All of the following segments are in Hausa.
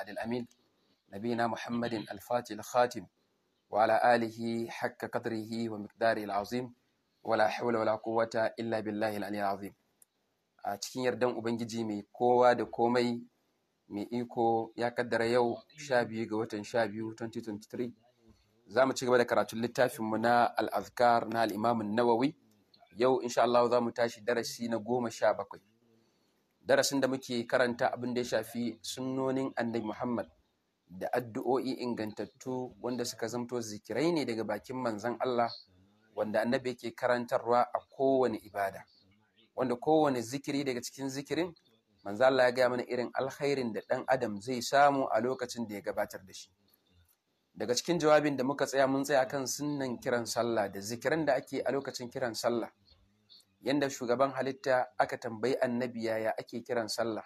الوعد الأمين نبينا محمد الفاتح الخاتم وعلى آله wa قدره ومقداره العظيم ولا حول ولا قوة إلا بالله العلي العظيم a cikin yardan Ubangiji mai kowa da komai mai iko ya kaddara yau 12 ga watan 12 2023 za mu ci gaba da karatun littafinmu na al'azkar na al'imamun nawawi yau insha Allah za mu tashi darasi na goma sha bakwai darasin da muke karanta abin da ya shafi sunnonin annabi Muhammad da addu'o'i ingantattu wanda suka zamto zikirai ne daga bakin manzan Allah wanda annabi yake karantarwa a kowane ibada wanda kowane zikiri daga cikin zikirin manzan Allah ya gaya mana irin alkhairin da dan adam zai samu a lokacin da ya gabatar da shi daga cikin jawabin da muka tsaya mun tsaya kan sunnan kiran sallah da zikirin da ake a lokacin kiran sallah yanda shugaban halitta aka tambayi annabi yaya ake kiran sallah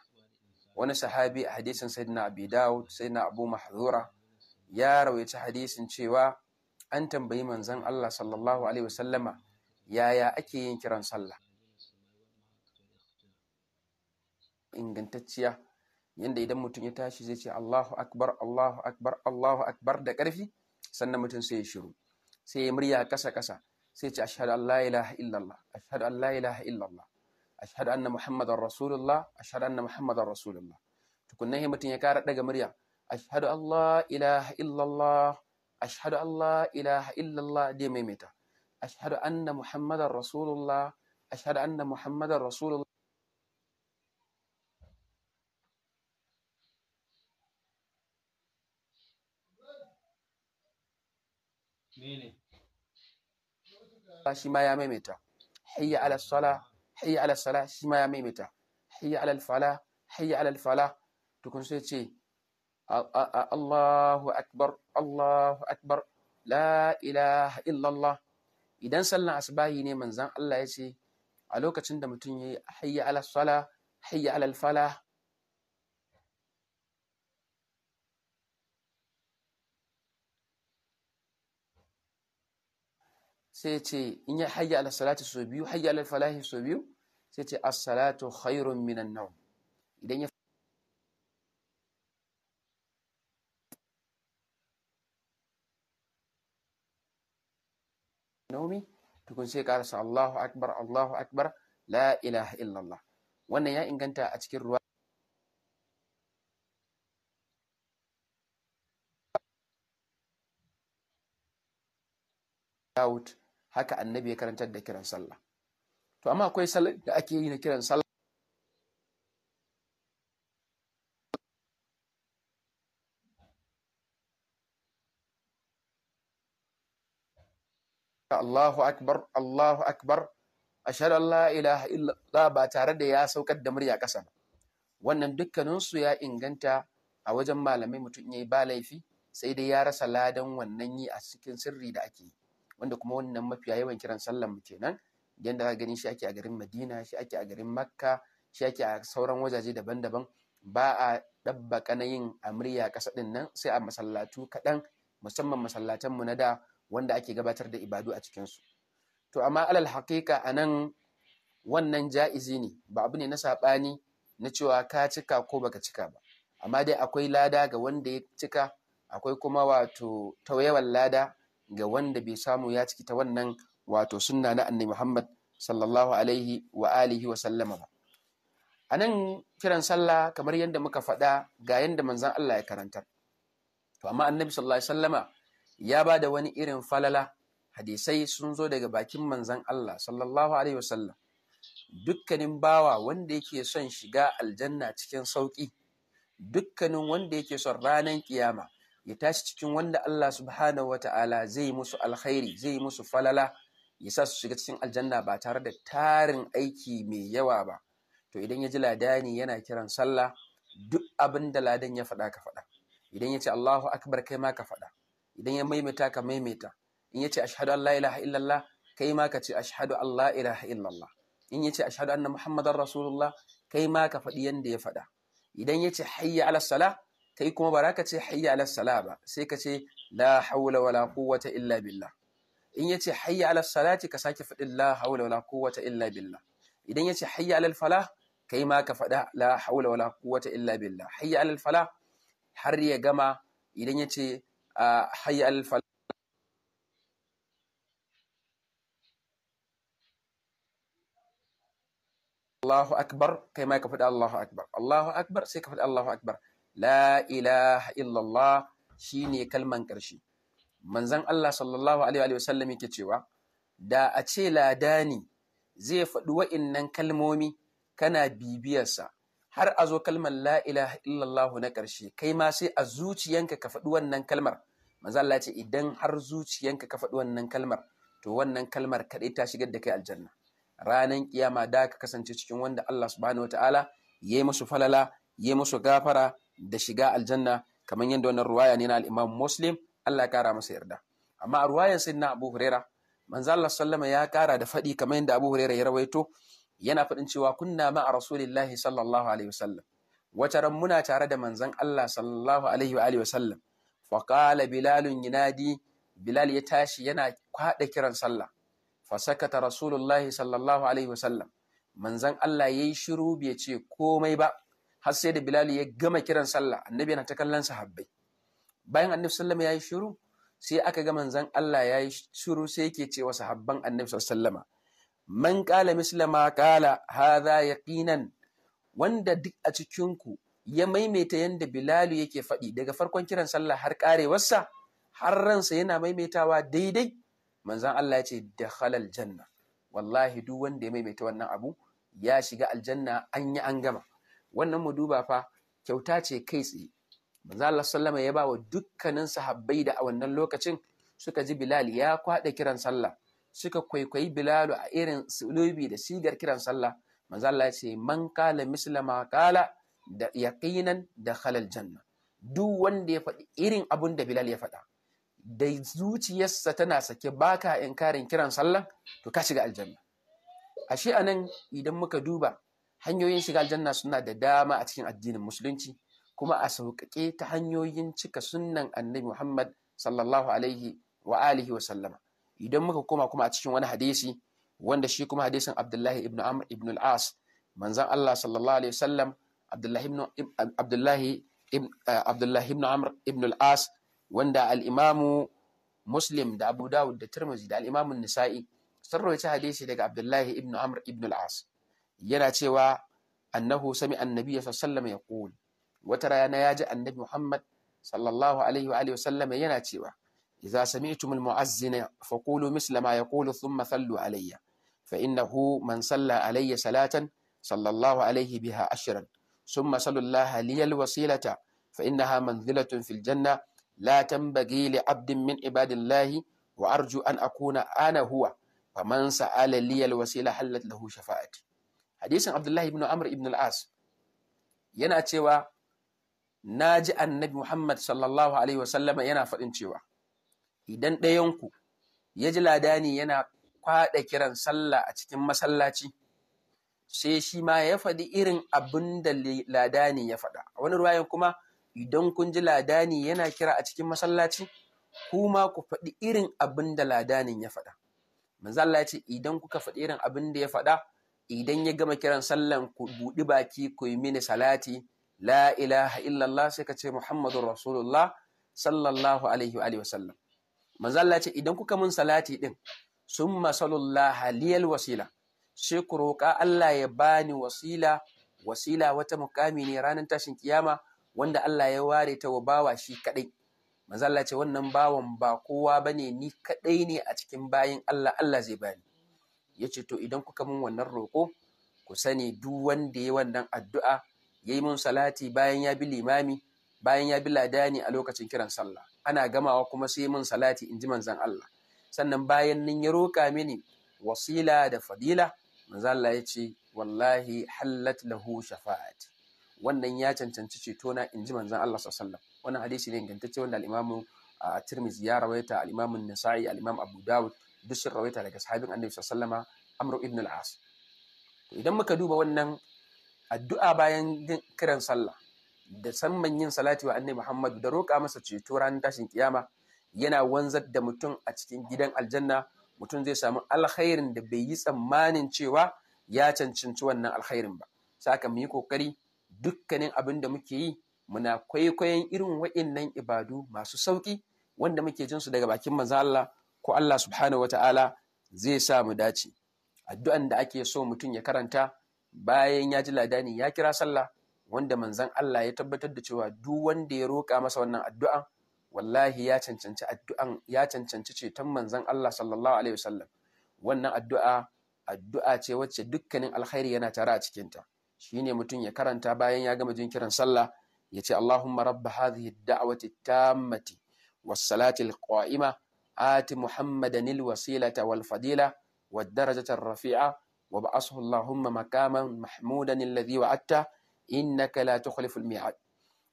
wani sahabi a hadisin sayyidina abi dawud sayyidina abu mahzura ya rawaita hadisin cewa an tambayi manzon Allah sallallahu alaihi wasallama yaya ake yin kiran sallah ingantacciya yanda idan mutum ya tashi zai ce Allahu akbar Allahu akbar Allahu akbar da ƙarfi sannan mutum sai ya shiru sai ya murya ƙasa kasa سيتش أشهد أن لا إله إلا الله أشهد أن لا إله إلا الله أشهد أن محمد رسول الله أشهد أن محمد رسول الله تكون نهي متن يكارت لغا مريم أشهد أن لا إله إلا الله أشهد أن لا إله إلا الله دي ميمتا أشهد أن محمد رسول الله أشهد أن محمد رسول الله Meaning. shi ma ya maimaita hayya ala sala hayya ala sala shi ma ya maimaita hayya ala fala hayya ala fala tukun sai ce Allahu akbar Allahu akbar la ilaha illallah idan sallan asbahi ne manzan Allah ya ce a lokacin da mutum ya yi hayya ala sala hayya ala fala sai ce in ya hayya ala salati so biyu hayya ala so biyu sai ce as-salatu khairun minan nawm idan ya naumi tukun sai karasa Allahu akbar Allahu akbar la ilaha illallah wannan ya inganta a cikin ruwa Dawud haka annabi ya karantar da kiran sallah to amma akwai sallah da ake yi na kiran sallah Allahu akbar Allahu akbar ashhadu an la ilaha illallah ba tare da ya saukar da murya ƙasa ba wannan dukkaninsu ya inganta a wajen malamai mutum yayi ba laifi sai dai ya rasa ladan wannan yi a cikin sirri da ake yi wanda kuma wannan mafiya yawan kiran sallan mu kenan yanda ka gani shi ake a garin Madina shi ake a garin Makka shi ake a sauran wajaje daban-daban ba a dabba na yin amriya kasa ɗin nan sai a masallatu kaɗan musamman mu na da wanda ake gabatar da ibadu a cikin su to amma alal haƙiƙa anan wannan ja'izi ne ba abu ne na saɓani na cewa ka cika ko baka cika ba amma dai akwai lada ga wanda ya cika akwai kuma wato tauyewan lada ga wanda bai samu ya ciki ta wannan wato sunna na annabi Muhammad sallallahu alaihi wa alihi wa sallama ba anan kiran sallah kamar yadda muka faɗa ga yanda manzan Allah ya karanta to amma annabi sallallahu alaihi sallama ya ba da wani irin falala hadisai sun zo daga bakin manzon Allah sallallahu alaihi wasallam dukkanin bawa wanda yake son shiga aljanna cikin sauƙi dukkanin wanda yake son ranar kiyama ya tashi cikin wanda Allah subhanahu wa ta'ala zai musu alkhairi zai musu falala ya sa su shiga cikin aljanna ba tare da tarin aiki mai yawa ba to idan ya ji ladani yana kiran sallah duk abin da ladan ya faɗa ka faɗa idan ya ce Allahu akbar kai ma ka faɗa idan ya maimaita ka maimaita in ya ce ashhadu an la ilaha illallah kai ma ka ce ashhadu an la ilaha illallah in ya ce ashhadu anna muhammadan rasulullah kai ma ka faɗi yanda ya faɗa idan ya ce hayya ala salah kai kuma ba za ka ce hayya ala sala ba sai ka ce la haula wala quwwata illa billah in yace hayya ala salati ka sake faɗin la haula wala quwwata illa billah idan yace hayya ala falah kai ma ka faɗa la haula wala quwwata illa billah hayya ala falah har ya gama idan yace hayya ala falah Allahu akbar kai ma ka faɗi Allahu akbar Allahu akbar sai ka faɗi Allahu akbar la ilaha illallah shi ne kalman ƙarshe manzon Allah sallallahu alaihi wasallam yake cewa da a ce ladani zai faɗi wa'innan kalmomi kana bibiyarsa har a zo kalmar la ilaha illallah na ƙarshe kai ma sai a zuciyanka ka faɗi wannan kalmar Manzan Allah ce idan har zuciyanka ka faɗi wannan kalmar to wannan kalmar kaɗai ta shigar da kai aljanna ranan kiyama da ka kasance cikin wanda Allah subhanahu wataala ya yi musu falala ya yi musu gafara da shiga aljanna kamar yadda wannan ruwaya ne na al Muslim Allah ya kara masa yarda amma a ruwayan sayyidina Abu Huraira manzo Allah sallama ya kara da faɗi kamar yadda Abu ya rawaito yana faɗin cewa kunna ma a rasulillahi sallallahu alaihi wasallam wata ran muna tare da manzon Allah sallallahu alaihi wa wasallam fa qala bilal yunadi bilal ya tashi yana kwada kiran sallah fa sakata rasulullahi sallallahu alaihi wasallam manzon Allah yayi shiru bai ce komai ba har sai da Bilal ya gama kiran sallah annabi yana ta kallon sahabbai bayan annabi sallama yayi shiru sai aka ga manzon Allah yayi shiru sai yake cewa sahabban annabi sallama man qala mislama qala hadha yaqinan wanda duk a cikin ku ya maimaita yanda Bilal yake faɗi daga farkon kiran sallah har karewarsa har ransa yana maimaitawa daidai manzon Allah ya ce dakhala janna. wallahi duk wanda ya maimaita wannan abu ya shiga aljanna an yi an gama wannan mu duba fa kyauta ce kai tsaye manzo Allah sallama ya bawa dukkanin sahabbai da a wannan lokacin suka ji Bilal ya kwada kiran sallah suka kwaikwayi Bilal a irin sulubi da sigar kiran sallah manzo Allah ya ce man kala mislama kala da yaqinan da khalal janna duk wanda ya faɗi irin abun da Bilal ya faɗa da zuciyarsa tana sake baka inkarin kiran sallah to ka shiga aljanna ashe anan idan muka duba hanyoyin shiga aljanna suna da dama a cikin addinin musulunci kuma a sauƙaƙe ta hanyoyin cika sunnan annabi Muhammad sallallahu alaihi wa alihi wa sallama idan muka koma kuma a cikin wani hadisi wanda shi kuma hadisin Abdullahi ibn Amr ibn al-As manzon Allah sallallahu alaihi wasallam Abdullahi ibn Abdullahi ibn eh, Abdullahi ibn Amr ibn al-As wanda al-Imam Muslim da Abu Dawud da Tirmidhi da al-Imam An-Nisa'i sun rawaita hadisi daga Abdullahi ibn Amr ibn al-As yana cewa annahu sami annabi sallallahu alaihi ya qul wata rana ya ji annabi Muhammad sallallahu alaihi wa alihi wasallam yana cewa idza sami'tum almu'azzina faqulu misla ma yaqulu thumma sallu alayya fa innahu man salla alayya salatan sallallahu alaihi biha ashran thumma ثم صلوا الله لي الوسيلة فإنها منزلة في الجنة لا تنبغي لعبد من عباد الله وأرجو أن أكون أنا هو فمن سأل لي الوسيلة حلت له شفاعتي hadisin abdullahi ibn amr ibn al-as yana cewa na ji annabi muhammad sallallahu alaihi wasallama yana faɗin cewa idan ɗayanku ya ji ladani yana kwaɗa kiran sallah a cikin masallaci sai shi ma ya faɗi irin abin da ladani ya faɗa a wani ruwayan kuma idan kun ji ladani yana kira a cikin masallaci kuma ku faɗi irin abin da ladanin ya faɗa manzo Allah ya ce idan kuka faɗi irin abin da ya faɗa idan ya gama kiran sallan ku buɗi baki ku yi mini salati la ilaha illallah sai ka ce Muhammadu rasulullah sallallahu alaihi wa sallam Mazalla ce idan kuka mun salati din sun masalullah haliyar wasila sai ku roƙa Allah ya bani wasila wasila wata mukami ne ranar tashin kiyama wanda Allah ya ware ta wa bawa shi kaɗai. Mazalla ce wannan bawan ba kowa bane ni kaɗai ne a cikin bayin Allah Allah zai bani ya ce to idan kuka min wannan roƙo ku sani duk wanda ya wannan addu'a ya yi min salati bayan ya bi limami bayan ya bi ladani a lokacin kiran sallah ana gamawa kuma sai mun salati in ji manzan Allah sannan bayan nan ya roƙa mini wasila da fadila manzan Allah ya ce wallahi hallat lahu shafa'at. wannan ya cancanci cetona in ji manzan Allah sallallahu wannan hadisi ne ingantacce wanda al-Imam ah, Tirmidhi ya rawaita al-Imam Nasa'i al-Imam Abu Dawud duk sun rawaita daga sahabin annabi sallama amru ibn al-as to idan muka duba wannan addu'a bayan kiran sallah da samman yin salati wa annabi muhammadu da roƙa masa ceto ranar tashin kiyama yana wanzar da mutum a cikin gidan aljanna mutum zai samu alkhairin da bai yi tsammanin cewa ya cancanci wannan alkhairin ba saka mu yi kokari dukkanin abin da muke yi muna kwaikwayon irin wa'innan ibadu masu sauki wanda muke jin su daga bakin manzo Allah ko Allah subhanahu wata'ala zai sa mu dace addu'an da ake so mutum ya karanta bayan ya ji ladani ya kira sallah wanda manzon Allah ya tabbatar da cewa duk wanda ya roƙa masa wannan addu'an wallahi ya cancanci addu'an ya cancanci ceton manzon Allah sallallahu alaihi wasallam wannan addu'a addu'a ce wacce dukkanin alkhairi yana tare a cikinta shine mutum ya karanta bayan ya gama jin kiran sallah ya ce Allahumma rabba hadhihi ad-da'wati tammati was-salati al qaimah آت محمدا الوسيلة والفضيلة والدرجة الرفيعة وابعثه اللهم makaman محمودا الذي وعدته innaka لا تخلف الميعاد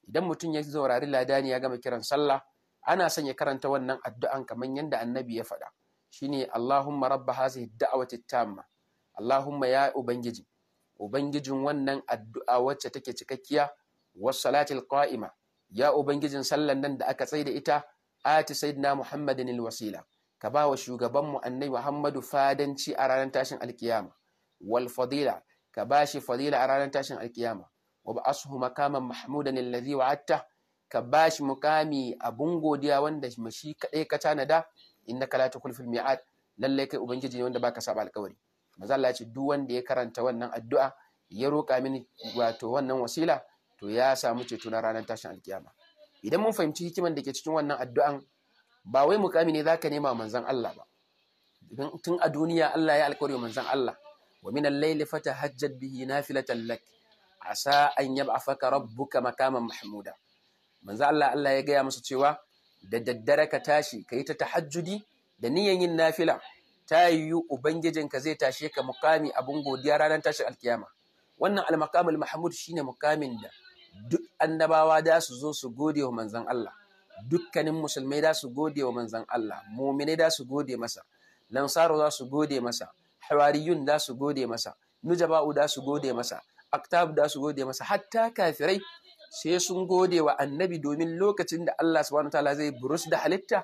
idan mutum ya zaurari ladani ya gama kiran sallah ana son ya karanta wannan addu'an kamar yadda annabi ya faɗa shine Allahumma rabba hazihi da'awati tamma Allahumma ya ubangiji ubangijin wannan addu'a wacce take cikakkiya was salatil qa'ima ya ubangijin sallan nan da aka tsaida ita ati sayyidina muhammadin alwasila ka ba wa mu annabi muhammadu fadanci a ranar tashin alkiyama wal fadila ka ba shi fadila a ranar tashin alkiyama wa ba asuhu makaman mahmudan alladhi wa'atta ka ba shi mukami abun godiya wanda shi kaɗai ka tanada innaka la tukul fil mi'ad lallai kai ubangiji ne wanda baka saba alkawari maza Allah ya ce duk wanda ya karanta wannan addu'a ya roƙa mini wato wannan wasila to ya samu ceto na ranar tashin alkiyama idan mun fahimci hikiman da ke cikin wannan addu'an ba wai mukami ne za ka nema manzan Allah ba tun a duniya Allah ya alƙawari manzan Allah wa min al ta hajjar bihi nafilatan lak ba faka faka rabbuka makaman mahmuda Manzan Allah Allah ya gaya masa cewa da daddare ka tashi ka yi ta tahajjudi da niyan yin nafila ta yiwu ka zai tashe ka mukami abin godiya ranar tashin alkiyama wannan almakamul mahmud shine mukamin da duk annabawa da su zo su gode wa manzan Allah dukkanin musulmai da su gode wa manzan Allah muminai da su gode masa lansaro za su gode masa hawariyun da su gode masa nujaba'u da su gode masa aktab da su gode masa hatta kafirai sai sun gode wa annabi domin lokacin da Allah subhanahu wataala zai burus da halitta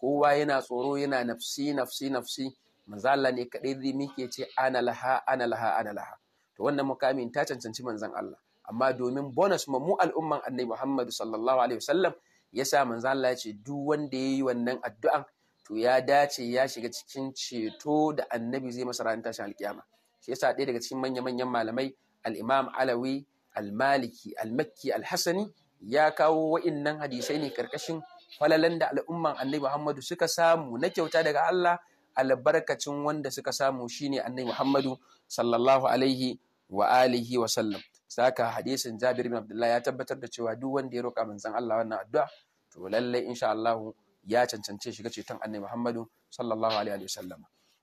kowa yana tsoro yana nafsi nafsi nafsi manzan Allah ne kadai zai muke ce ana laha ana laha ana laha to wannan mukamin ta cancanci manzan Allah amma domin bonus ma mu al'umman annabi Muhammadu sallallahu alaihi wasallam yasa manzo Allah ya ce duk wanda ya yi wannan addu'an to ya dace ya shiga cikin ceto da annabi zai masa ranar tashin alkiyama shi yasa ɗaya daga cikin manya manyan malamai al-Imam Alawi al-Maliki al-Makki al hassani ya kawo wa'innan hadisai ne karkashin falalan da al'umman annabi Muhammadu suka samu na kyauta daga Allah albarkacin wanda suka samu shine annabi Muhammadu sallallahu alaihi wa alihi wa sallam saka hadisin Jabir bin Abdullah ya tabbatar da cewa duk wanda ya roƙa manzon Allah wannan addu'a to lalle insha Allah ya cancance shiga ceton Annabi Muhammadu sallallahu alaihi wa sallam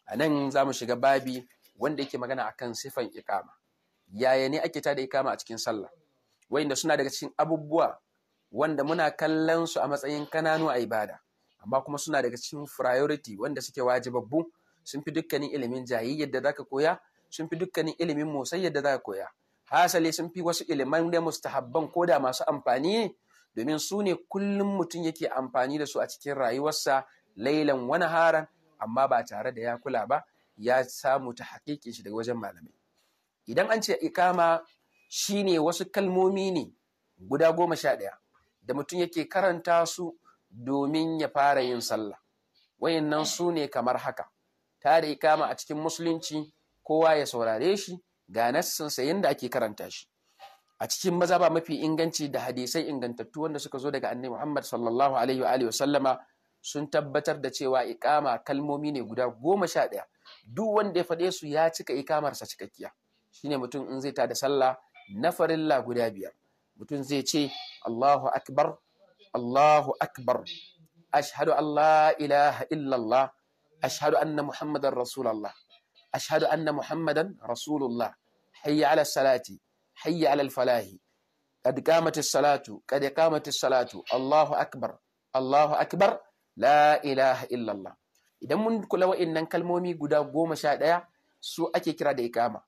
anan zamu shiga babi wanda yake magana akan sifan iqama yaya ne ake tada iqama a cikin sallah wanda suna daga cikin abubuwa wanda muna kallon su a matsayin kananu a ibada amma kuma suna daga cikin priority wanda suke wajibabbu sun fi dukkanin ilimin jayi yadda zaka koya sun fi dukkanin ilimin motsa yadda zaka koya hasali sun fi wasu iliman da mustahabban ko da masu amfani domin su ne kullum mutum yake amfani da su a cikin rayuwarsa lailan wani haran amma ba tare da ya kula ba ya samu ta haƙiƙin shi daga wajen malamai idan an ce ikama shine wasu kalmomi ne guda goma sha ɗaya da mutum yake karanta su domin ya fara yin sallah wayannan su ne kamar haka ta da ikama a cikin musulunci kowa ya saurare shi ga nassinsa yadda ake karanta shi a cikin maza ba mafi inganci da hadisai ingantattu wanda suka zo daga annabi Muhammad sallallahu alaihi wa alihi sallama sun tabbatar da cewa iqama kalmomi ne guda goma sha ɗaya duk wanda ya fade su ya cika ikamarsa cikakkiya shine mutum in zai ta da sallah na farilla guda biyar mutum zai ce Allahu akbar Allahu akbar ashhadu an la ilaha illallah ashhadu anna muhammadar rasulallah ashhadu anna muhammadan rasulullah hayya ala salati hayya ala falahi qad qamat as-salatu Allahu akbar Allahu akbar la ilaha illa idan mun kula wa'annan kalmomi guda goma sha ɗaya su ake kira da ikama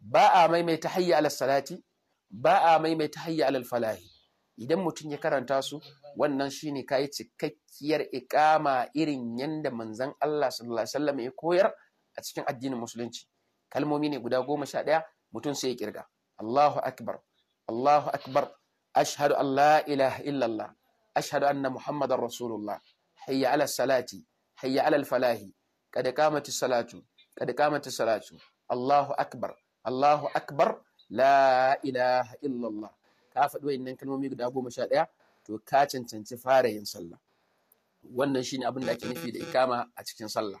ba a maimaita hayya ala salati ba a maimaita hayya ala falahi idan mutum ya karanta su wannan shine kayi cikakkiyar ikama irin yanda manzon Allah sallallahu alaihi wasallam ya koyar a cikin addinin musulunci kalmomi ne guda goma sha ɗaya mutum sai ya kirga Allahu akbar Allahu akbar ashhadu an la illallah ashhadu anna muhammadar rasulullah hayya ala salati hayya ala falahi kada kamati salatu kada kamati salatu Allahu akbar Allahu akbar la ilaha illallah ka faɗi wayannan kalmomi guda goma sha ɗaya to ka cancanci fara yin sallah wannan shine abin da ake nufi da ikama a cikin sallah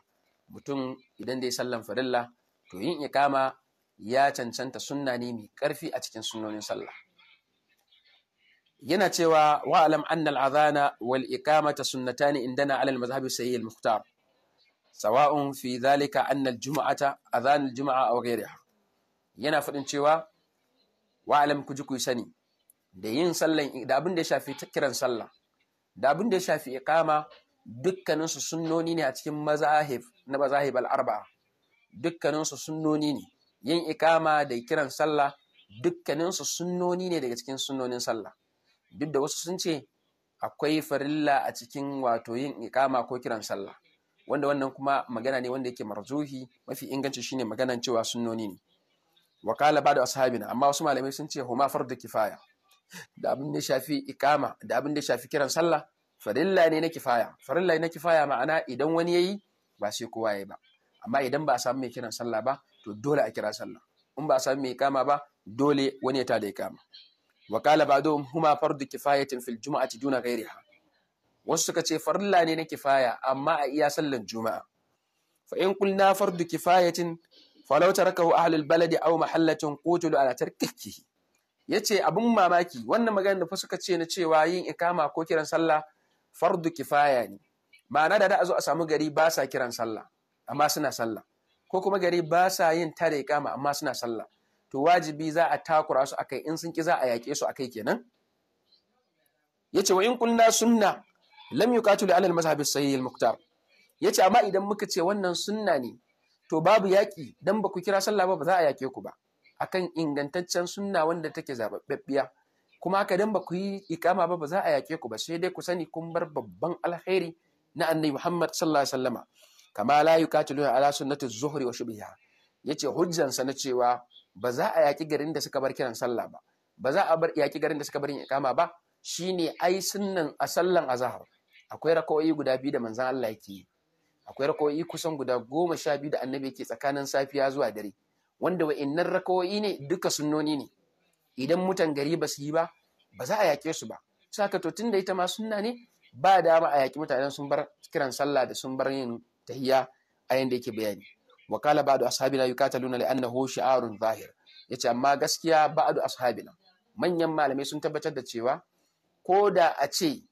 mutum idan dai sallan farilla to yin ikama ya cancanta sunna ne mai ƙarfi a cikin sunnonin sallah yana cewa wa alam annal adhana wal iqamata sunnatani indana ala al mazhabi sayyid al mukhtar sawa'un fi dhalika anna al jumu'ata adhan al jumu'a aw ghayriha yana fadin cewa wa alam ku ji ku sani da yin sallan da abin da ya shafi kiran sallah da abin da ya shafi iqama dukkaninsu sunnoni ne a cikin mazahib na mazahib al'arba'a dukkaninsu sunnoni ne yin ikama da kiran sallah dukkaninsu sunnoni ne daga cikin sunnonin sallah duk da wasu sun ce akwai farilla a cikin wato yin ikama ko kiran sallah wanda wannan kuma magana ne wanda yake marzuhi mafi inganci shine maganar cewa sunnoni ne wakala ba da ashabina amma wasu malamai sun ce huma fardu kifaya da abin da shafi ikama da abin da shafi kiran sallah farilla ne na kifaya farilla ne na kifaya ma'ana idan wani yayi ba sai kowa yayi ba amma idan ba a samu mai kiran sallah ba to dole a kira sallah in ba a samu mai kama ba dole wani ya tada ya kama wa qala ba'dhum huma fardu kifayatin fil jumu'ati duna ghayriha wasu suka ce farilla ne na kifaya amma a iya sallan juma'a fa in qulna fardu kifayatin falau tarakahu ahlul baladi aw mahallatin qutilu ala tarkihi yace abun mamaki wannan magana da fa suka ce na cewa yin ikama ko kiran sallah fardu kifaya ne ma'ana da da a zo a samu gari ba sa kiran sallah amma suna sallah ko kuma gari ba sa yin tare kama amma suna sallah to wajibi za a takura su akai in sun ki za a yake su akai kenan yace wa in kunna sunna lam yuqatu li al-mazhab as-sahih al-muqtar yace amma idan muka ce wannan sunna ne to babu yaƙi dan ba ku kira sallah ba ba za a yake ku ba akan ingantaccen sunna wanda take zababbiya kuma haka dan ba ku yi ikama ba ba za a yake ku ba sai dai ku sani kun bar babban alheri na annabi Muhammad sallallahu alaihi wasallama kama la yukatilu ala sunnati zuhri wa shubha yace hujjan sa na cewa ba za a yaki garin da suka bar kiran sallah ba ba za a bar yaki garin da suka bar ikama ba shine ai sunnan a sallan azhar akwai rakoi guda biyu da manzon Allah yake akwai rakoi kusan guda goma sha biyu da annabi yake tsakanin safiya zuwa dare wanda wa'innan rakoi ne duka sunnoni ne idan mutan gari ba su yi ba ba za a yaƙe su ba ka to tunda ita ma sunna ne ba dama a yaƙi mutanen sun bar kiran sallah da sun bar yin tahiyya a yanda yake bayani wa qala ba'du ashabina yuqataluna li annahu shi'arun zahir yace amma gaskiya ba'du ashabina manyan malamai sun tabbatar da cewa ko da a ce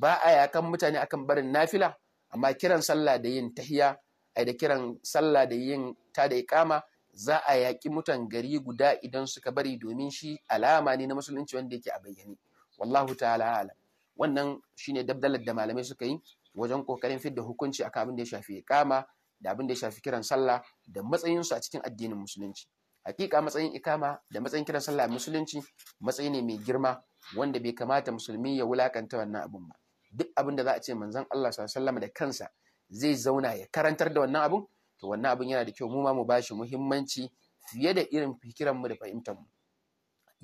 ba a yakan mutane akan barin nafila amma kiran sallah da yin tahiya ai da kiran sallah da yin ta da iqama za a yaƙi mutan gari guda idan suka bari domin shi alama ne na musulunci wanda yake a bayyane wallahu ta'ala ala wannan shine dabdalar da malamai suka yi wajen kokarin fidda hukunci akan abin da ya shafi ikama da abin da ya shafi kiran sallah da matsayinsu a cikin addinin musulunci hakika matsayin ikama da matsayin kiran sallah a musulunci matsayi ne mai girma wanda bai kamata musulmi ya wulakanta wannan abun ba duk abin da za a ce manzon Allah sallallahu alaihi da kansa zai zauna ya karantar da wannan abun to wannan abin yana da kyau mu ma mu bashi muhimmanci fiye da irin fikiran mu da fahimtar mu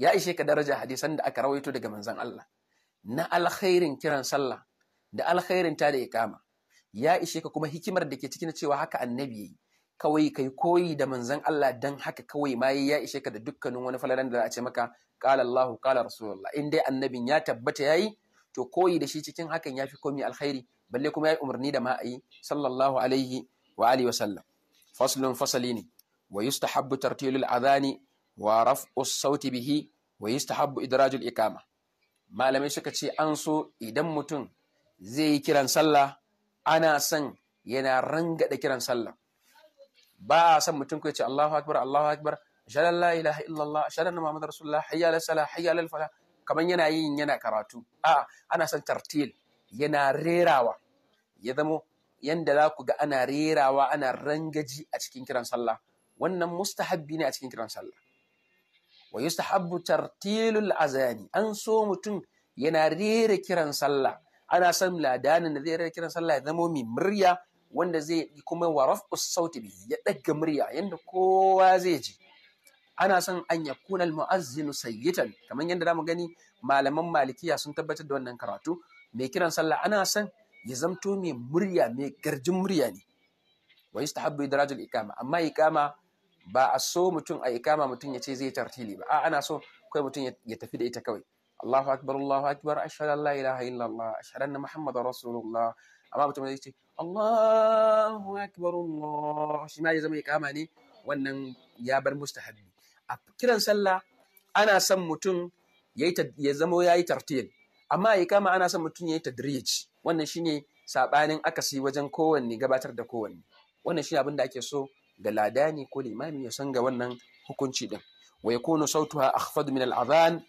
ya ishe ka daraja hadisan da aka rawaito daga manzon Allah na alkhairin kiran sallah da alkhairin ta da iqama ya ishe ka kuma hikimar da ke cikin cewa haka annabi yayi kawai kai koyi da manzon Allah dan haka kawai ma ya ishe ka da dukkanin wani falalan da za a ce maka qala Allahu qala rasulullah in dai annabin ya tabbata yayi to koyi da shi cikin hakan ya fi komai alkhairi balle kuma yi umarni da ma ayi sallallahu alaihi wa alihi wasallam faslun fasali ne wa yustahabbu tartilul adhani wa raf'us sauti bihi wa yustahabbu idrajul ikama malamai suka ce an so idan mutum zai yi kiran sallah ana san yana rangada kiran sallah ba a son mutum ko ya ce Allahu akbar Allahu akbar ashhadu an la ilaha illallah muhammadar rasulullah hayya ala salah hayya ala falah kaman yana yin yana karatu a ana san tartil yana rerawa ya zamo yanda za ku ga ana rerawa ana rangaji a cikin kiran sallah wannan mustahabbi ne a cikin kiran sallah wa yustahabbu tartilul azani an so mutum yana rera kiran sallah ana san ladanin da zai rera kiran sallah ya zamo mai murya wanda zai yi kuma wa rafu sauti bi ya ɗaga murya yanda kowa zai ji ana son an ya kunal mu'azzinu sayyitan kamar yadda zamu gani malaman malikiya sun tabbatar da wannan karatu mai kiran sallah ana san ya zamto mai murya mai garjin murya ne wa yustahabbu idrajul ikama amma ikama ba a so mutum a ikama mutum ya ce zai tartili ba a ana so kai mutum ya tafi da ita kawai Allahu akbar Allahu akbar ashhadu an la ilaha illallah ashhadu anna muhammadar rasulullah amma mutum zai ce Allahu akbar Allah shi ma ya zama ikama ne wannan ya bar mustahabbi a kiran sallah ana son mutum ya zama ya yi tartil amma ikama ana son mutum ya yi tadrij wannan shine sabanin akasi wajen kowanne gabatar da kowanne wannan shine abin da ake so ga ladani ko limami ya san ga wannan hukunci din wa yakunu sautuha akhfad min al-adhan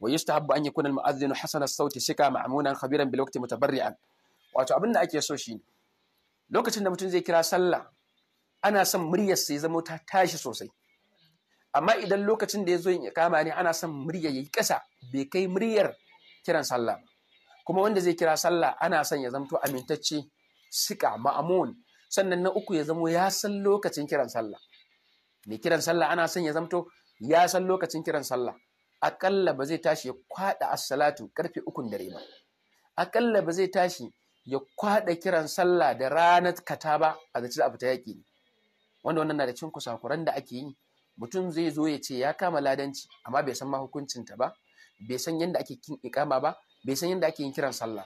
wa yustahabbu an yakuna al-mu'adhdhin hasan as-sauti sika ma'munan khabiran bil waqti mutabarri'an wato abin da ake so shine lokacin da mutum zai kira sallah ana son muryar sai zama ta tashi sosai amma idan lokacin da ya zo yin ikama ne ana son murya yi kasa bai kai muryar kiran sallah ba kuma wanda zai kira sallah ana son ya zamto amintacce sika ma'amun sannan na uku ya zamo ya san lokacin kiran sallah mai kiran sallah ana son ya zamto ya san lokacin kiran sallah akalla ba zai tashi ya kwada assalatu karfe ukun dare ba akalla ba zai tashi ya kwada kiran sallah da ranar kata ba a zaci za a fita yaƙi ne wanda wannan na da cin kusakuran da ake yi mutum zai zo ya ce ya kama ladanci amma bai san ma hukuncinta ba bai san yadda ake kin ikama ba bai san yadda ake yin kiran sallah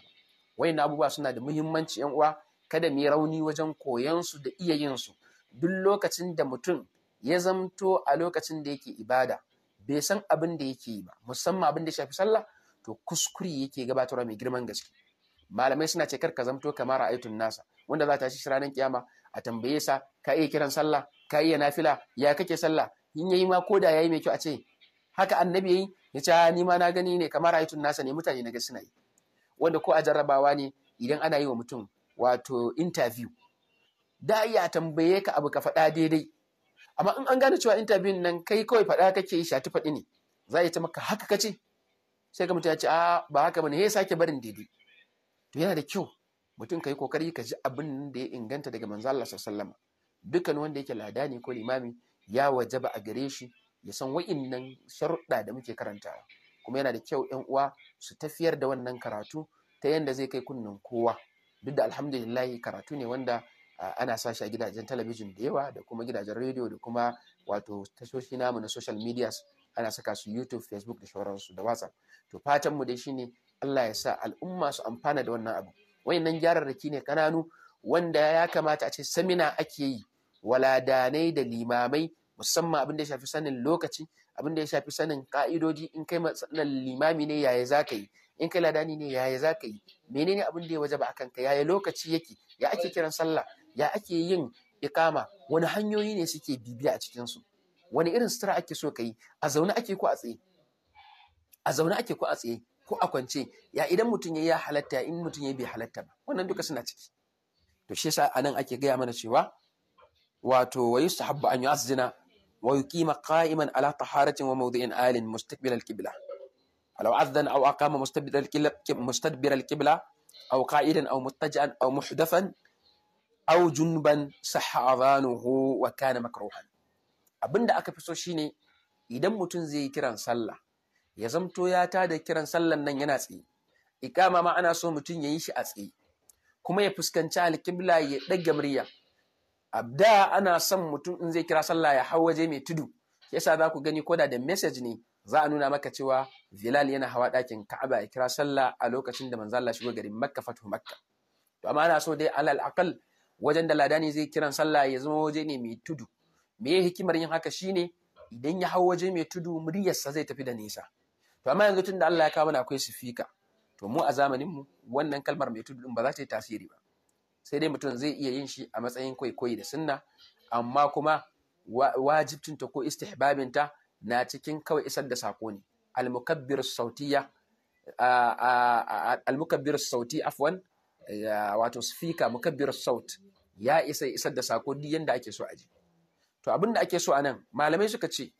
na abubuwa suna da muhimmanci yan uwa kada mu yi rauni wajen koyan su da iya yin su duk lokacin da mutum ya zamto a lokacin da yake ibada bai san abin da yake yi ba musamman abin da shafi sallah to kuskure yake gabatarwa mai girman gaske malamai suna ce karka zamto kamar ra'aytun nasa wanda za ta shi ranar kiyama a tambaye sa ka iya kiran sallah ka iya nafila ya kake sallah in yayi ma koda yayi mai kyau a ce haka annabi yayi ya ce ah, ni ma na gani ne kamar ra'aytun nasa ne mutane na ga suna yi wanda ko a jarrabawa ne idan ana yi wa mutum wato interview da iya tambaye ka abu ka faɗa daidai amma in an gane cewa interview nan kai kawai faɗa kake shati faɗi ne za ya ce maka haka kace sai ka mutum ya ce a ah, ba haka bane ya sake barin daidai to yana da kyau mutum ka yi kokari ka ji abin da ya inganta daga manzo Allah sallallahu alaihi wasallam dukkan wanda yake ladani ko limami ya wajaba a gare shi ya san wa'innan sharuɗa da muke karanta kuma yana da kyau yan uwa su tafiyar da wannan karatu ta yanda zai kai kunnen kowa duk da alhamdulillah karatu ne wanda ana sashi a gidajen talabijin da yawa da kuma gidajen rediyo da kuma wato tashoshi namu na social media ana saka su YouTube, Facebook da shauransu da WhatsApp. To fatan mu dai shine Allah ya sa al'umma su amfana da wannan abu. Wayannan gyararraki ne kananu wanda ya kamata a ce samina ake yi waladanai da limamai musamman abin da ya shafi sanin lokaci abin da ya shafi sanin ka'idoji in kai matsalar limami ne yaya za ka yi in kai ladani ne yaya za ka yi menene abin da ya waje ba akan ka yaya lokaci yake ya ake kiran sallah ya ake yin ikama wani hanyoyi ne suke bibiya a cikinsu? su wani irin sutura ake so ka yi a zaune ake ko a tsaye a zaune ake ko a tsaye ko a kwance ya idan mutum ya ya halatta in mutum ya bai halatta ba wannan duka suna ciki to shi yasa anan ake gaya mana cewa wato wa yustahabbu an yi asjina wa yuqima qa'iman ala taharatin wa mawdi'in alin mustaqbil al-qibla ولو أذن أو أقام مستدبر القبلة مستدبر القبلة أو قائدا أو متجئا أو محدثا أو جنبا صح أذانه وكان مكروها abinda aka fi so shine idan mutum zai yi kiran sallah ya zamto ya tada kiran sallan nan yana tsaye iqama ma ana so mutum ya yi shi a tsaye kuma ya fuskanci alkibla ya ɗaga murya da ana son mutum in zai kira sallah ya hau waje mai tudu yasa za ku gani koda da message ne za a nuna maka cewa Bilal yana hawa ɗakin Ka'aba ya kira sallah a lokacin da Manzala shigo garin Makka fatu Makka to amma ana so dai alal akal wajen da ladani zai kiran sallah ya zama waje ne mai tudu me hikimar yin haka shine idan ya hau waje mai tudu muryarsa zai tafi da nisa to amma yanzu da Allah ya kawo mana akwai sifika to mu a zamanin mu wannan kalmar mai tudu ɗin ba za ta yi tasiri ba sai dai mutum zai iya yin shi a matsayin kwaikwayi da sunna amma kuma wajibcinta ko istihbabinta na cikin kawai isar da sako ne al-mukabbir sauti afwan wato speaker mukabbir saut ya isa isar da sako duk yanda ake so a ji. to abin da ake so a nan, malamai suka ce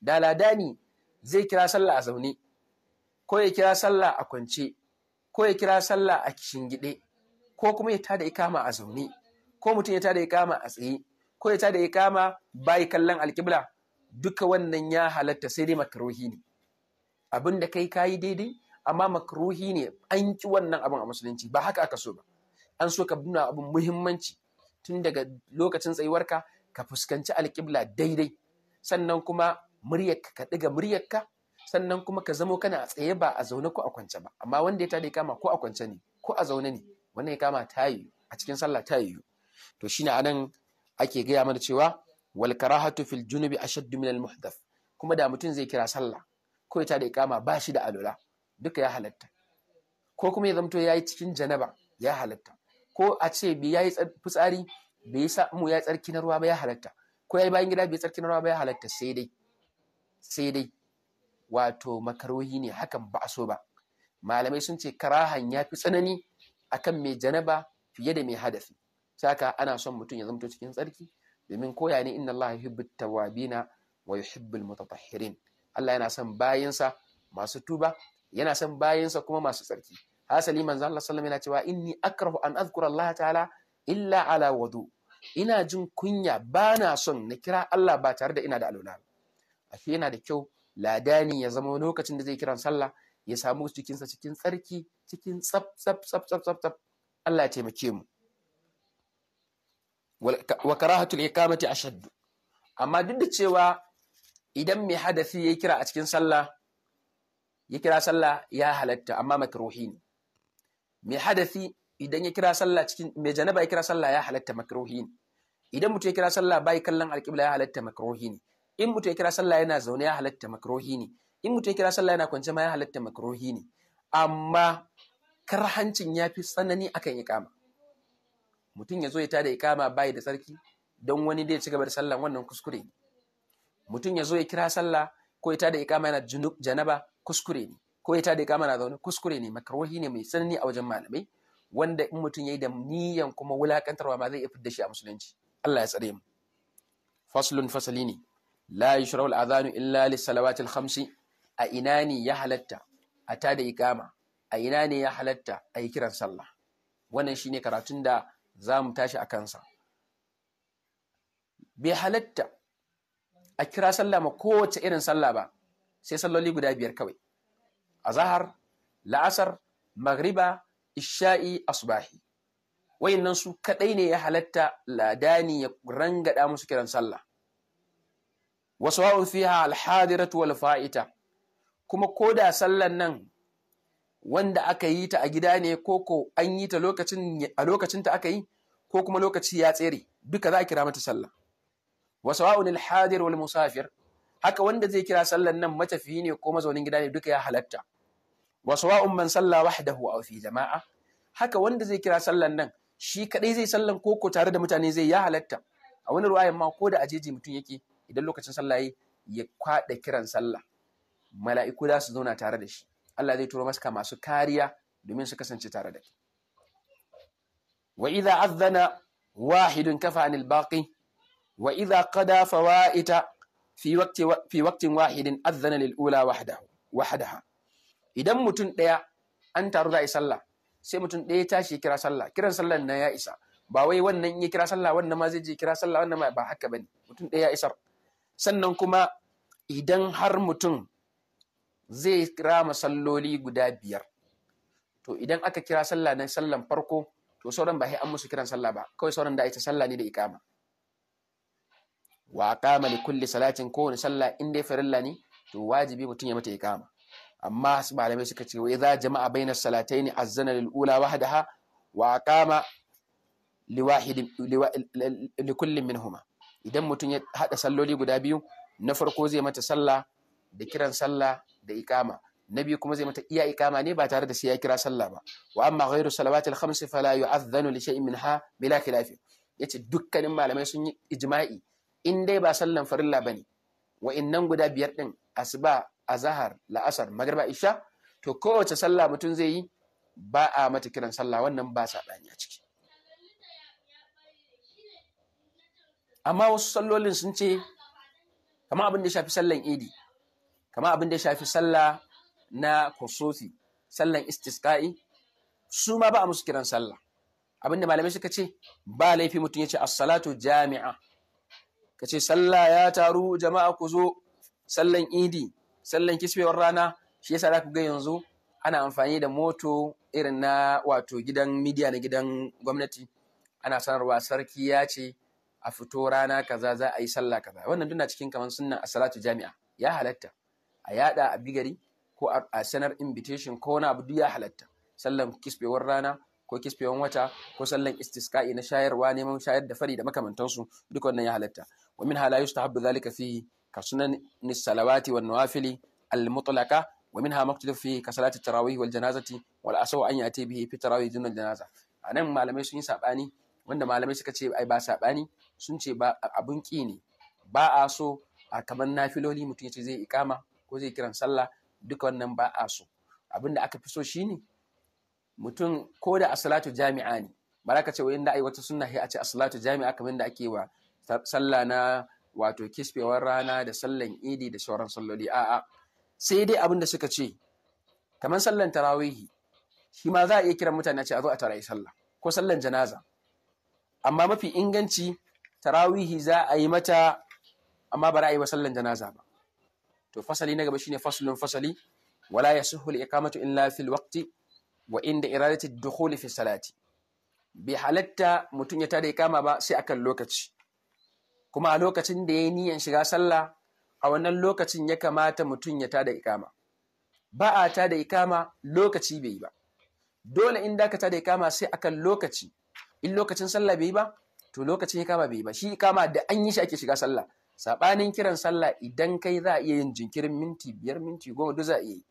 da ladani zai kira sallah a zaune ko ya kira sallah a kwance ko ya kira sallah a kishingide ko kuma ya tada ikama a zaune ko mutum ya tada ikama a tsaye ko ya tada ikama bai kallon alkibla duka wannan ya halatta sai dai makaruhi ne abin da kai kayi daidai amma makaruhi ne an ki wannan abin a musulunci ba haka aka so ba an so ka nuna abin muhimmanci tun daga lokacin tsayuwarka ka fuskanci alkibla daidai sannan kuma muryarka ka ɗiga muryarka sannan kuma ka zamo kana a tsaye ba a zaune ko a kwance ba amma wanda ya tada ikama ko a kwance ne ko a zaune ne wannan kama ta yi a cikin sallah ta yi to shine anan ake gaya mana cewa wal karahatu fil junubi ashaddu min al muhdath kuma da mutum zai kira sallah ko ta da ikama ba shi da alula duka ya halatta ko kuma ya zamto yayi cikin janaba ya halatta ko a ce bai yayi fitsari bai samu ya tsarki na ruwa ba ya halatta ko yayi bayan gida bai tsarki na ruwa ba ya halatta sai dai sai dai wato makaruhi ne hakan ba a so ba malamai sun ce karahan ya fi tsanani akan mai janaba fiye da mai hadafi saka ana son mutum ya zamto cikin tsarki domin koya ne inna Allah yuhibbu tawabina wa yuhibbul mutatahhirin Allah yana son bayinsa masu tuba yana son bayinsa kuma masu tsarki hasali manzo Allah sallallahu alaihi sallam yana cewa inni akrahu an azkura Allah ta'ala illa ala wudu ina jin kunya bana son na kira Allah ba tare da ina da alwala ashe yana da kyau ladani ya zama lokacin da zai kiran sallah ya samu cikinsa cikin tsarki cikin tsaf tsaf tsaf tsaf tsaf tsaf Allah ya taimake mu wa karahatul iqamati ashad amma duk da cewa idan mai hadafi ya kira a cikin sallah ya kira sallah ya halatta amma makruhi ne mai hadafi idan ya kira sallah cikin mai janaba ya kira sallah ya halatta makruhi ne idan mutum ya kira sallah bai kallon alƙibla ya halatta makruhi ne in mutum ya kira sallah yana zaune ya halatta makruhi ne in mutum ya kira sallah yana kwance ma ya halatta makruhi ne amma karhancin ya fi tsanani akan ikama mutum ya zo ya tada ikama bayi da tsarki don wani da ya ci gaba da sallan wannan kuskure ne mutum ya zo ya kira sallah ko ya tada ikama yana janaba kuskure ne ko ya tada ikama na zaune kuskure ne makarwahi ne mai tsanani a wajen malamai wanda in mutum ya yi da niyan kuma wulakantarwa ma zai iya fidda shi a musulunci Allah ya tsare mu faslun fasali ne la yushra'u al-adhanu illa lis-salawati a ina ne ya halatta a tada ikama a ina ne ya halatta a yi kiran sallah wannan shine karatun da za mu tashi a kansa bai halatta a kira sallah ma kowace irin sallah ba sai salloli guda biyar kawai a zahar la'asar magriba isha'i asubahi wayannan su kadai ne ya halatta ladani ya rangada musu kiran sallah wasu fiha alhadiratu wal fa'ita kuma koda sallan nan wanda aka yi ta a gida ne ko ko an yi ta lokacin a lokacin ta aka yi ko kuma lokaci ya tsere duka za a kira mata sallah wa sawa'un al-hadir wal musafir haka wanda zai kira sallan nan matafiyi ne ko mazaunin gida ne duka ya halatta wa sawa'un man salla wahdahu aw fi jama'a haka wanda zai kira sallan nan shi kadai zai sallan ko ko tare da mutane zai ya halatta a wani ruwa ma ko da ajeji mutum yake idan lokacin sallah ya kwada kiran sallah mala'iku za su zauna tare da shi Allah zai turo maka masu kariya domin su kasance tare da kai wa idza azzana wahidun kafa anil baƙi, wa idza qada fawaita fi waqti fi waqtin wahidin azzana lil wahadaha. idan mutum ɗaya an taru za a yi sallah sai mutum daya tashi kira sallah kiran sallan na ya isa ba wai wannan ya kira sallah wannan ma zai je kira sallah wannan ma ba haka ba ne. mutum ɗaya ya isar sannan kuma idan har mutum zai kira salloli guda biyar to idan aka kira sallah na sallan farko to sauran ba sai an musu kiran sallah ba kawai sauran da ta sallah ne da ikama wa kama li kulli salatin kowane sallah in dai farilla ne to wajibi mutum ya mata ikama amma su malamai suka ce "Wai za jama'a bai bainas salataini azzana lil ula wahdaha wa aqama min huma? idan mutum ya haɗa salloli guda biyu na farko zai mata sallah da kiran sallah da ikama na biyu kuma zai mata iya ikama ne ba tare da sai ya kira sallah ba wa amma ghayru salawati al khamsi fala yu'adhdhanu li shay'in minha bila khilaf yace dukkanin malamai sun yi ijma'i in dai ba sallan farilla bane wa'innan guda biyar din asuba Zahar la'asar magriba isha to kowace sallah mutum zai yi ba a mata kiran sallah wannan ba saɓani a ciki amma wasu sallolin sun ce kama abin da shafi sallan idi kamar abin da ya shafi sallah na kusufi sallan istisqa'i su ma ba a musu kiran sallah abin da malamai suka ce ba laifi mutum ya ce as-salatu jami'a ka ce sallah ya taru jama'a ku zo sallan idi sallan kisbewar rana shi yasa za ku ga yanzu ana amfani da moto irin na wato gidan midiya na gidan gwamnati ana sanarwa sarki ya ce a fito rana kaza za a yi sallah kaza wannan duna cikin kamar sunan as-salatu jami'a ya halatta a yada a bigari ko a sanar invitation ko wani abu duk ya halatta sallan kisbewar rana ko kisbewar wata ko sallan istisqa'i na shayarwa neman shayar da fari da makamantansu duk wannan ya halatta wa min hala yustahabbu zalika fi ka sunan salawati wa nawafili al mutlaqa wa minha maktub fi ka salati tarawih wal janazati wal asaw an yati bihi fi tarawih dun al janaza anan malamai sun yi sabani wanda malamai suka ce ai ba sabani sun ce ba abun ki ne ba a so a kamar nafiloli mutum ya ce zai ikama ko zai kiran sallah duka wannan ba a so abin da aka fi so shi ne. mutum ko da salatu jami'a ne ba za ka ce wani da yi wata suna a ce asalatu jami'a kamar da ake wa sallah na wato kispewar rana da sallan idi da sauran salloli a sai dai abin da suka ce kamar sallan tarawihi shi ma za a iya kiran mutane a ce a zo a tarayi sallah ko sallan janaza amma mafi inganci tarawihi za a yi mata amma ba za a yi wa sallan janaza ba to fasali na gaba shine faslun fasali wala yasuhu al-iqamatu illa fil waqti wa inda iradati ad-dukhul fi salati bi halatta mutun ya tada iqama ba sai akan lokaci kuma a lokacin da yayi niyan shiga sallah a wannan lokacin ya kamata mutun ya tada iqama ba a tada iqama lokaci bai ba dole in da ka tada iqama sai akan lokaci in lokacin sallah bai ba to lokacin iqama bai ba shi iqama da an yi shi ake shiga sallah saɓanin kiran sallah idan kai za a iya yin jinkirin minti biyar minti goma duk za a iya yi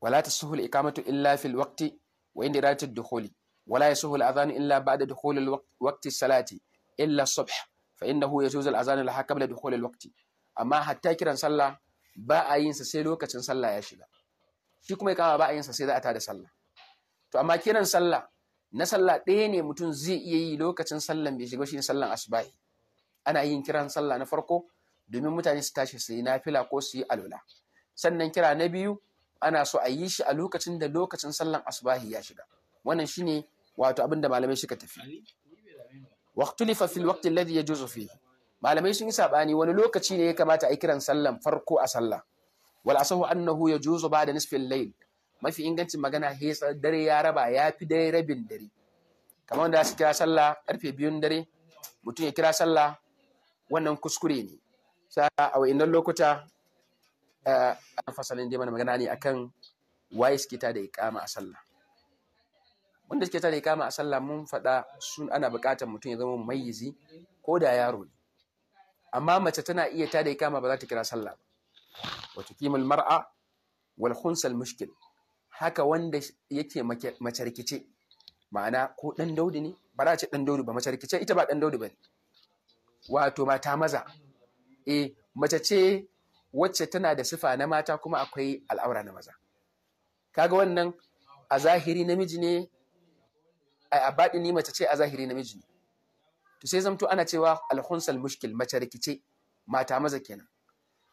wala ta suhul ikamatu illa fil waqti wa inda da dukhuli wala ya suhul azanu illa da dukhulil waqti salati illa subh fa innahu yajuzu al azanu la qabla dukhulil waqti amma hatta kiran sallah ba a yin sa sai lokacin sallah ya shiga shi kuma ikama ba a yin sa sai za a tada sallah to amma kiran sallah na sallah ɗaya ne mutum zai iya yi lokacin sallan bai shiga shine sallan asubahi ana yin kiran sallah na farko domin mutane su tashi su yi nafila ko su yi alwala sannan kira na biyu ana so a yi shi a lokacin da lokacin sallan asubahi ya shiga wannan shine wato abin da malamai suka tafi waqtulifa fil waqti alladhi yajuzu fihi malamai sun yi sabani wani lokaci ne ya kamata a yi kiran sallan farko a sallah wal asahu annahu yajuzu ba'da nisfil layl mafi ingancin magana hesa dare ya raba ya fi dare rabin dare kamar wanda su kira sallah karfe biyun dare mutum ya kira sallah wannan kuskure ne sa a wa'innan lokuta a fasalin dai mana magana ne akan waye suke ta da ikama a sallah wanda suke ta da ikama a sallah mun faɗa sun ana buƙatar mutum ya zama mayizi ko da yaro ne amma mace tana iya ta da ikama ba za ta kira sallah ba kimul mar'a wal khunsal mushkil haka wanda yake macarkice ma'ana ko ɗan daudi ne ba za a ce ɗan daudi ba macarkice ita ba ɗan daudi ba ne wato mata maza e mace ce wacce tana da sifa na mata kuma akwai al'aura na maza kaga wannan a zahiri namiji ne a ni mace ce a zahiri namiji ne to sai zamto ana cewa alhunsal mushkil mace rikice mata maza kenan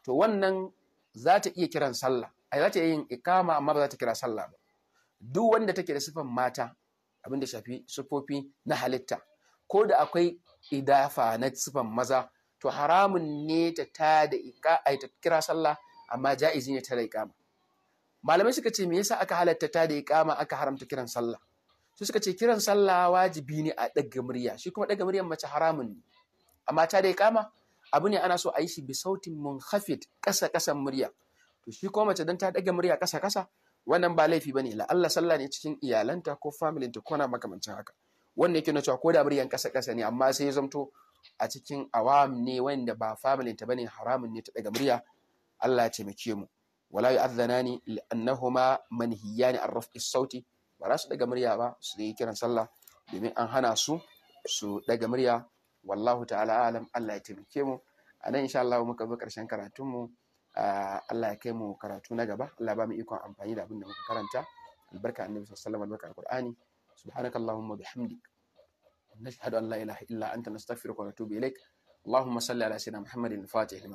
to wannan za ta iya kiran sallah ai za ta yin ikama amma ba za ta kira sallah ba duk wanda take da sifan mata abin da shafi sufofi na halitta ko da akwai idafa na sifan maza to haramun ne ta ta da ai ta kira sallah amma ja'izi ne ta da ikama malamai suka ce me yasa aka halatta ta da ikama aka haramta kiran sallah su suka ce kiran sallah wajibi ne a ɗaga murya shi kuma ɗaga muryar mace haramun ne amma ta da ikama abu ne ana so a yi shi bi sautin munhafid ƙasa ƙasan murya to shi ko mace dan ta daga murya kasa kasa wannan ba laifi bane la Allah sallah ne cikin iyalanta ko family ta kona makamancin haka wannan yake na cewa ko da muryan kasa ne amma sai ya zamto a cikin awam ne wanda ba family ta bane haramun ne ta daga murya Allah ya taimake mu wala yu'adhanani li annahuma manhiyani an raf'i sauti ba za su daga murya ba su yi kiran sallah domin an hana su su daga murya wallahu ta'ala alam Allah ya taimake mu a nan insha Allah muka zo karshen karatun mu Ah, Allah ya kai mu karatu na gaba Allah ba mu ikon amfani da abin da muka karanta albarka annabi sallallahu alaihi wasallam albarka alqur'ani subhanakallahumma bihamdik nashhadu an la ilaha illa anta nastaghfiruka wa natubu ilaik اللهم صل على سيدنا محمد الفاتح